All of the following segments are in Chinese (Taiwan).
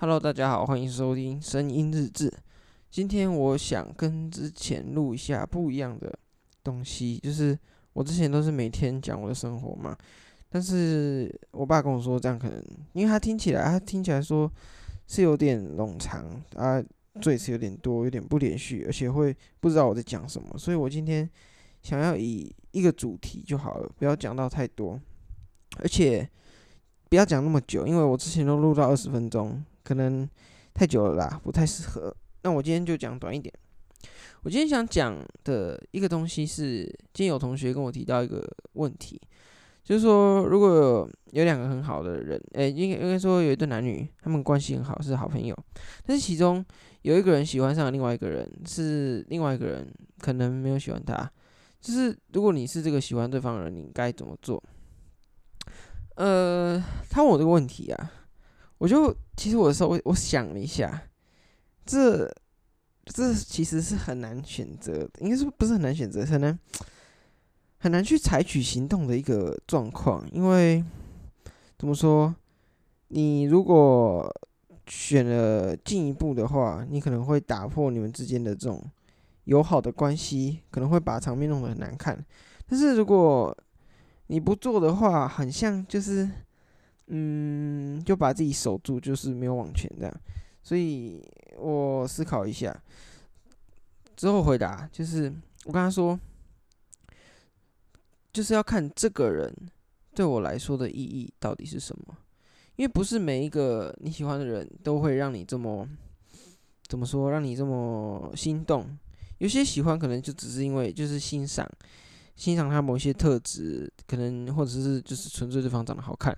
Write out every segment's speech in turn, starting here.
Hello，大家好，歡迎收聽聲音日誌。今天我想跟之前錄一下不一樣的東西，就是我之前都是每天講我的生活嘛。但是我爸跟我說，這樣可能因為他聽起來，他聽起來說是有點冗長啊，贅詞有點多，有點不連續，而且會不知道我在講什麼，所以我今天想要以一個主題就好了，不要講到太多，而且不要講那麼久，因為我之前都錄到二十分鐘。可能太久了啦，不太適合。那我今天就講短一點。我今天想講的一個東西是，今天有同學跟我提到一個問題，就是說，如果有兩個很好的人，誒、欸，應應該說有一對男女，他們關係很好，是好朋友，但是其中有一個人喜歡上另外一個人，是另外一個人可能沒有喜歡他，就是如果你是這個喜歡對方的人，你該怎麼做？呃，他問我這個問題啊。我就其實我稍微我，我想了一下，這這其實是很難選擇的，應該是不是很難選擇，很難很難去採取行動的一個狀況。因為怎麼說，你如果選了進一步的話，你可能會打破你們之間的這種友好的關係，可能會把場面弄得很難看。但是如果你不做的話，很像就是。嗯，就把自己守住，就是沒有往前這樣。所以我思考一下之後回答，就是我跟他說，就是要看這個人對我來說的意義到底是什麼，因為不是每一個你喜歡的人都會讓你這麼怎麼說，讓你這麼心動。有些喜歡可能就只是因為就是欣賞欣賞他某些特質，可能或者是就是純粹對方長得好看。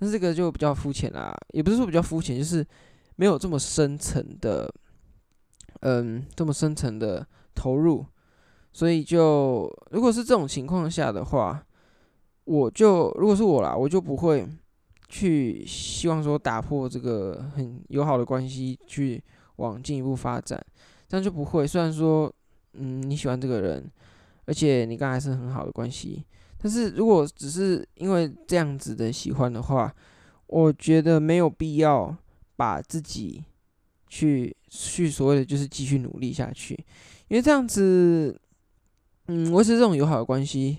那這個就比較膚淺啦，也不是說比較膚淺，就是沒有這麼深層的，嗯，這麼深層的投入。所以就如果是這種情況下的話，我就如果是我啦，我就不會去希望說打破這個很友好的關係去往進一步發展。這樣就不會，雖然說嗯，你喜歡這個人，而且你跟他還是很好的關係。但是如果只是因為這樣子的喜歡的話，我覺得沒有必要把自己去去所謂的就是繼續努力下去，因為這樣子，嗯，維持這種友好的關係，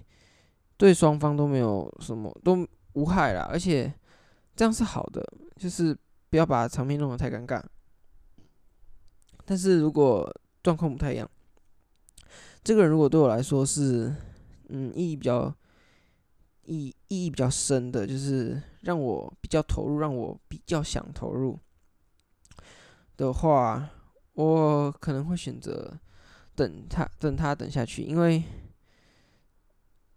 對雙方都沒有什麼，都無害啦，而且這樣是好的，就是不要把場面弄得太尷尬。但是如果狀況不太一樣，這個人如果對我來說是，嗯，意義比較。意意義比較深的，就是讓我比較投入，讓我比較想投入的話，我可能會選擇等他，等他等下去。因為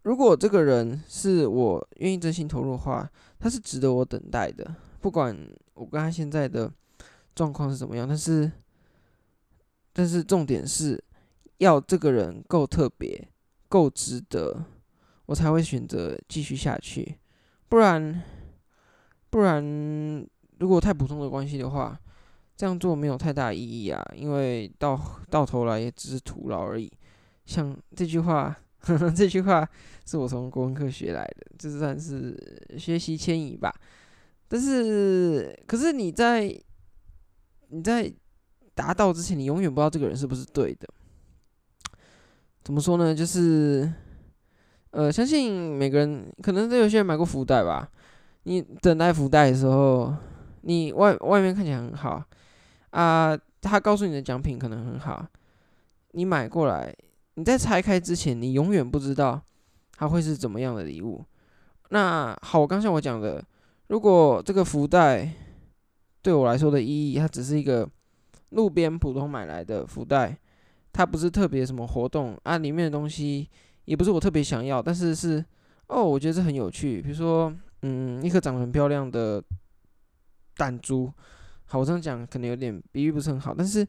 如果這個人是我願意真心投入的話，他是值得我等待的。不管我跟他現在的狀況是怎麼樣，但是但是，重點是要這個人夠特別，夠值得。我才會選擇繼續下去，不然，不然，如果太普通的關係的話，這樣做沒有太大意義啊，因為到到頭來也只是徒勞而已。像這句話，呵呵，這句話是我從國文科學來的，這算是學習遷移吧。但是，可是你在你在達到之前，你永遠不知道這個人是不是對的。怎麼說呢？就是。呃，相信每個人可能都有些人買過福袋吧？你等待福袋的時候，你外外面看起來很好啊，他告訴你的獎品可能很好，你買過來，你在拆開之前，你永遠不知道它會是怎麼樣的禮物。那好，我剛像我講的，如果這個福袋對我來說的意義，它只是一個路邊普通買來的福袋，它不是特別什麼活動啊，裡面的東西。也不是我特別想要，但是是哦，我覺得這很有趣。比如說，嗯，一顆長得很漂亮的彈珠。好，我這樣講可能有點比喻，不是很好，但是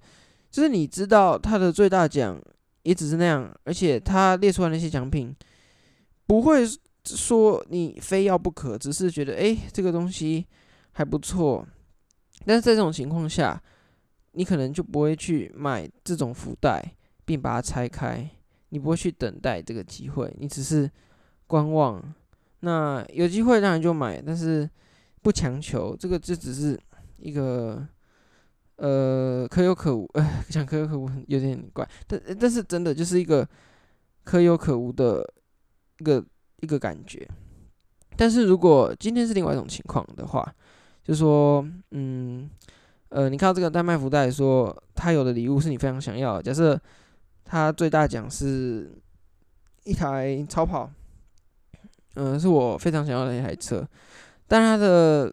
就是你知道它的最大獎也只是那樣，而且它列出來那些獎品不會說你非要不可，只是覺得欸，這個東西還不錯。但是在這種情況下，你可能就不會去買這種福袋，並把它拆開。你不會去等待這個機會，你只是觀望。那有機會當然就買，但是不強求。這個這只是一個呃可有可無，呃，講可有可無有點怪。但但是真的就是一個可有可無的一個一個感覺。但是如果今天是另外一種情況的話，就說嗯呃，你看到這個丹麥福袋說，說他有的禮物是你非常想要的。假設。它最大獎是一台超跑，嗯，是我非常想要的一台車，但它的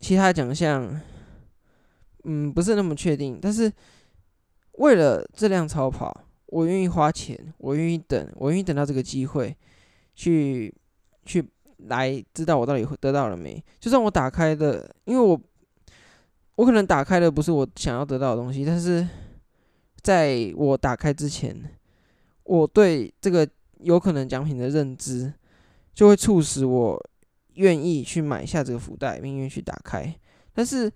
其他獎項，嗯，不是那麼確定。但是為了這輛超跑，我願意花錢，我願意等，我願意等到這個機會，去去來知道我到底會得到了沒？就算我打開的，因為我我可能打開的不是我想要得到的東西，但是。在我打開之前，我對這個有可能獎品的認知，就會促使我願意去買下這個福袋，並願意去打開。但是，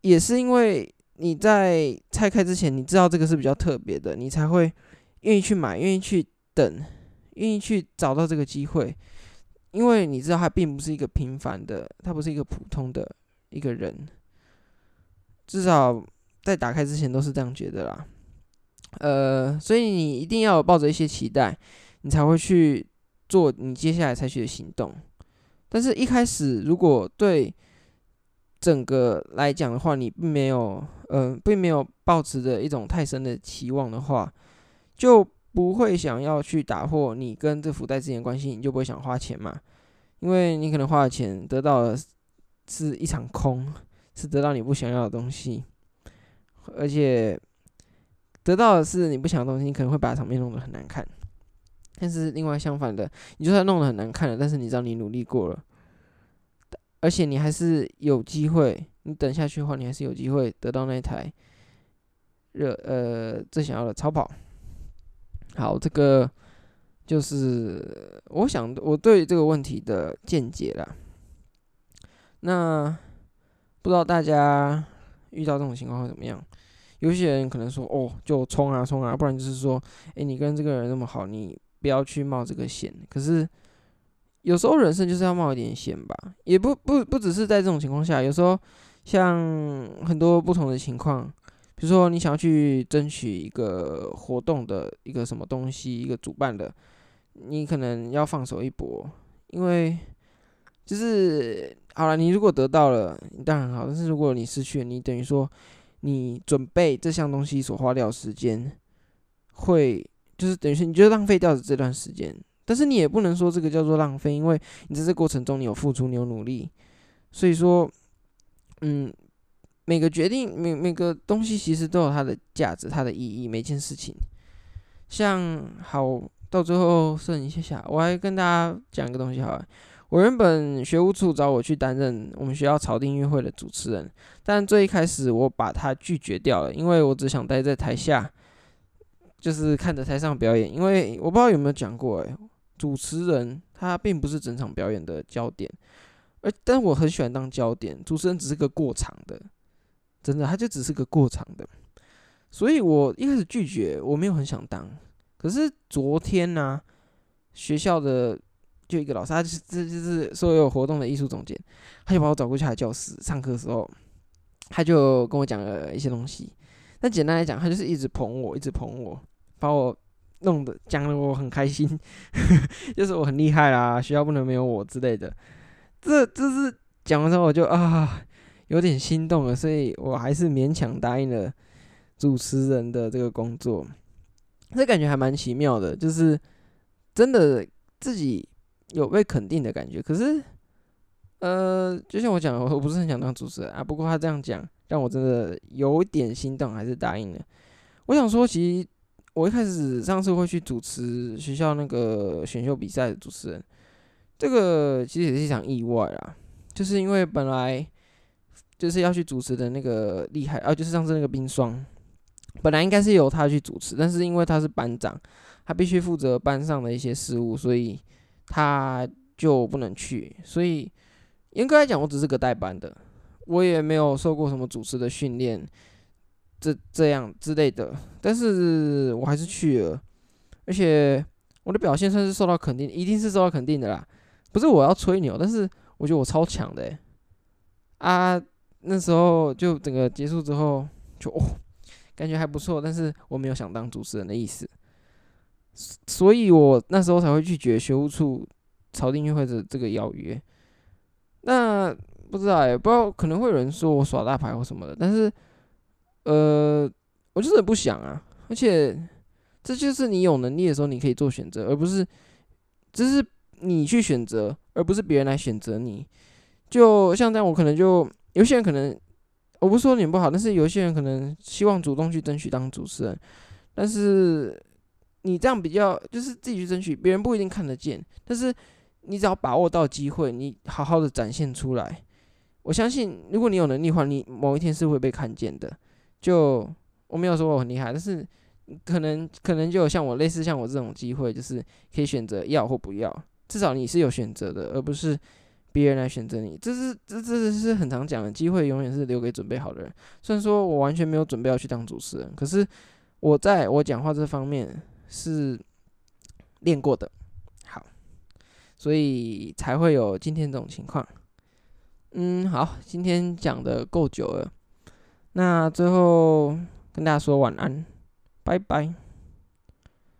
也是因為你在拆開之前，你知道這個是比較特別的，你才會願意去買，願意去等，願意去找到這個機會，因為你知道他並不是一個平凡的，他不是一個普通的一個人。至少在打開之前都是這樣覺得啦。呃，所以你一定要抱着一些期待，你才會去做你接下來採取的行動。但是，一開始如果對整個來講的話，你並沒有，嗯、呃，並沒有抱持着一種太深的期望的話，就不會想要去打破你跟這福袋之間的關係，你就不會想花錢嘛。因為你可能花了錢，得到的是一場空，是得到你不想要的東西，而且。得到的是你不想的東西，你可能會把場面弄得很難看。但是另外相反的，你就算弄得很難看了，但是你知道你努力過了，而且你還是有機會。你等下去的話，你還是有機會得到那一台熱，呃，最想要的超跑。好，這個就是我想我對這個問題的見解啦。那不知道大家遇到這種情況會怎麼樣？有些人可能說：“哦，就衝啊衝啊，不然就是說，誒，你跟這個人那麼好，你不要去冒這個險。”可是，有時候人生就是要冒一點險吧？也不不不只是在這種情況下，有時候像很多不同的情況，比如說你想要去爭取一個活動的一個什麼東西，一個主辦的，你可能要放手一搏，因為就是好了，你如果得到了，當然很好；但是如果你失去了，你等於說。你準備這項東西所花掉時間，會就是等於說，你就浪費掉的這段時間。但是你也不能說這個叫做浪費，因為你在這過程中你有付出，你有努力。所以說，嗯，每個決定，每每個東西其實都有它的價值，它的意義。每件事情，像好到最後剩一下下，我還跟大家講一個東西好了，好。我原本學務處找我去擔任我們學校草地音樂會的主持人，但最一開始我把他拒絕掉了，因為我只想待在台下，就是看着台上表演。因為我不知道有沒有講過，哎，主持人他並不是整場表演的焦點，而但我很喜歡當焦點，主持人只是個過場的，真的，他就只是個過場的。所以我一開始拒絕，我沒有很想當。可是昨天呢、啊，學校的。就一個老師，他這就是所有活動的藝術總監，他就把我找過去，他教室上課的時候，他就跟我講了一些東西。但簡單來講，他就是一直捧我，一直捧我，把我弄得講的我很開心， 就是我很厲害啦，學校不能沒有我之類的。這這是講完之後，我就啊有點心動了，所以我還是勉強答應了主持人的這個工作。這感覺還蠻奇妙的，就是真的自己。有被肯定的感覺，可是，呃，就像我講的，我不是很想當主持人啊。不過他這樣講，讓我真的有點心動，還是答應了。我想說，其實我一開始上次會去主持學校那個選秀比賽的主持人，這個其實也是一場意外啦。就是因為本來就是要去主持的那個厲害啊，就是上次那個冰霜，本來應該是由他去主持，但是因為他是班長，他必須負責班上的一些事務，所以，他就不能去，所以嚴格來講，我只是個代班的，我也沒有受過什麼主持的訓練，這這樣之類的。但是我還是去了，而且我的表現算是受到肯定，一定是受到肯定的啦。不是我要吹牛，但是我覺得我超強的，欸。啊，那時候就整個結束之後，就哦，感覺還不錯，但是我沒有想當主持人的意思。所以，我那時候才會拒絕學務處朝定俊會這個邀約。那不知道，哎，不知道，可能會有人說我耍大牌或什麼的。但是，呃，我就是很不想啊。而且，這就是你有能力的時候，你可以做選擇，而不是只是你去選擇，而不是別人來選擇你。就像這樣，我可能就有些人可能，我不說你不好，但是有些人可能希望主動去爭取當主持人，但是。你這樣比較就是自己去爭取，別人不一定看得見。但是你只要把握到機會，你好好的展現出來，我相信，如果你有能力的話，你某一天是會被看見的。就我沒有說我很厲害，但是可能可能就有像我類似像我這種機會，就是可以選擇要或不要。至少你是有選擇的，而不是別人來選擇你。這是這這是是很常講的，機會，永遠是留給準備好的人。雖然說我完全沒有準備要去當主持人，可是我在我講話這方面。是練過的，好，所以才會有今天這種情況。嗯，好，今天講的夠久了，那最後跟大家說晚安，拜拜。